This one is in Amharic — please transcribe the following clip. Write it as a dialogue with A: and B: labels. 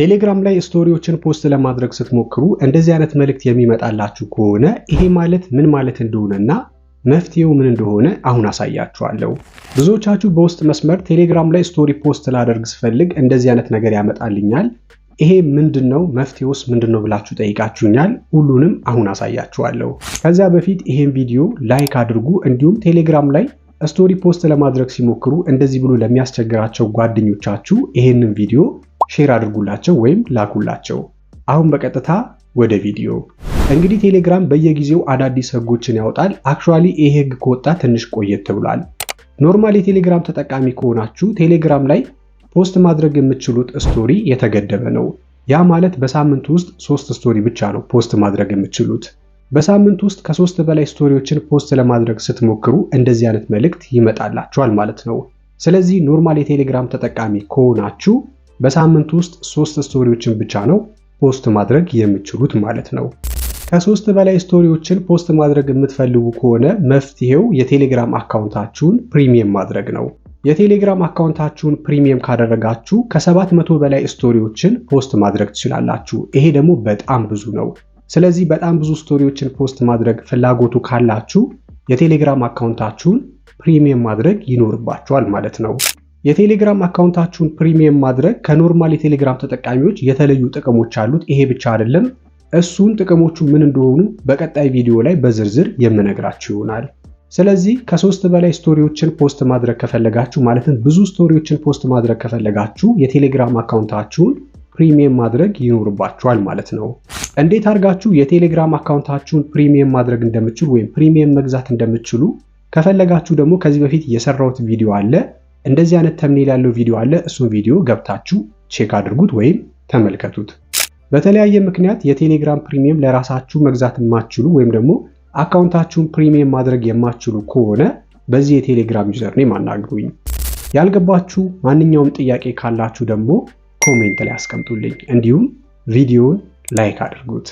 A: ቴሌግራም ላይ ስቶሪዎችን ፖስት ለማድረግ ስትሞክሩ እንደዚህ አይነት መልእክት የሚመጣላችሁ ከሆነ ይሄ ማለት ምን ማለት እንደሆነና መፍትሄው ምን እንደሆነ አሁን አሳያችኋለሁ። ብዙዎቻችሁ በውስጥ መስመር ቴሌግራም ላይ ስቶሪ ፖስት ላደርግ ስፈልግ እንደዚህ አይነት ነገር ያመጣልኛል፣ ይሄ ምንድን ነው? መፍትሄውስ ምንድን ነው ብላችሁ ጠይቃችሁኛል። ሁሉንም አሁን አሳያችኋለሁ። ከዚያ በፊት ይሄን ቪዲዮ ላይክ አድርጉ። እንዲሁም ቴሌግራም ላይ ስቶሪ ፖስት ለማድረግ ሲሞክሩ እንደዚህ ብሎ ለሚያስቸግራቸው ጓደኞቻችሁ ይሄንን ቪዲዮ ሼር አድርጉላቸው ወይም ላኩላቸው። አሁን በቀጥታ ወደ ቪዲዮ እንግዲህ ቴሌግራም በየጊዜው አዳዲስ ህጎችን ያወጣል። አክቹዋሊ ይሄ ህግ ከወጣ ትንሽ ቆየት ብሏል። ኖርማል የቴሌግራም ተጠቃሚ ከሆናችሁ ቴሌግራም ላይ ፖስት ማድረግ የምትችሉት ስቶሪ የተገደበ ነው። ያ ማለት በሳምንት ውስጥ ሶስት ስቶሪ ብቻ ነው ፖስት ማድረግ የምትችሉት። በሳምንት ውስጥ ከሶስት በላይ ስቶሪዎችን ፖስት ለማድረግ ስትሞክሩ እንደዚህ አይነት መልእክት ይመጣላችኋል ማለት ነው። ስለዚህ ኖርማል የቴሌግራም ተጠቃሚ ከሆናችሁ በሳምንት ውስጥ ሶስት ስቶሪዎችን ብቻ ነው ፖስት ማድረግ የምችሉት ማለት ነው። ከሶስት በላይ ስቶሪዎችን ፖስት ማድረግ የምትፈልጉ ከሆነ መፍትሄው የቴሌግራም አካውንታችሁን ፕሪሚየም ማድረግ ነው። የቴሌግራም አካውንታችሁን ፕሪሚየም ካደረጋችሁ ከሰባት መቶ በላይ ስቶሪዎችን ፖስት ማድረግ ትችላላችሁ። ይሄ ደግሞ በጣም ብዙ ነው። ስለዚህ በጣም ብዙ ስቶሪዎችን ፖስት ማድረግ ፍላጎቱ ካላችሁ የቴሌግራም አካውንታችሁን ፕሪሚየም ማድረግ ይኖርባችኋል ማለት ነው። የቴሌግራም አካውንታችሁን ፕሪሚየም ማድረግ ከኖርማል የቴሌግራም ተጠቃሚዎች የተለዩ ጥቅሞች አሉት። ይሄ ብቻ አይደለም። እሱን ጥቅሞቹ ምን እንደሆኑ በቀጣይ ቪዲዮ ላይ በዝርዝር የምነግራችሁ ይሆናል። ስለዚህ ከሶስት በላይ ስቶሪዎችን ፖስት ማድረግ ከፈለጋችሁ ማለትም ብዙ ስቶሪዎችን ፖስት ማድረግ ከፈለጋችሁ የቴሌግራም አካውንታችሁን ፕሪሚየም ማድረግ ይኖርባችኋል ማለት ነው። እንዴት አድርጋችሁ የቴሌግራም አካውንታችሁን ፕሪሚየም ማድረግ እንደምችሉ ወይም ፕሪሚየም መግዛት እንደምችሉ ከፈለጋችሁ ደግሞ ከዚህ በፊት የሰራሁት ቪዲዮ አለ እንደዚህ አይነት ተምኔል ያለው ቪዲዮ አለ። እሱን ቪዲዮ ገብታችሁ ቼክ አድርጉት ወይም ተመልከቱት። በተለያየ ምክንያት የቴሌግራም ፕሪሚየም ለራሳችሁ መግዛት የማትችሉ ወይም ደግሞ አካውንታችሁን ፕሪሚየም ማድረግ የማትችሉ ከሆነ በዚህ የቴሌግራም ዩዘር ነው አናግሩኝ። ያልገባችሁ ማንኛውም ጥያቄ ካላችሁ ደግሞ ኮሜንት ላይ አስቀምጡልኝ። እንዲሁም ቪዲዮውን ላይክ አድርጉት።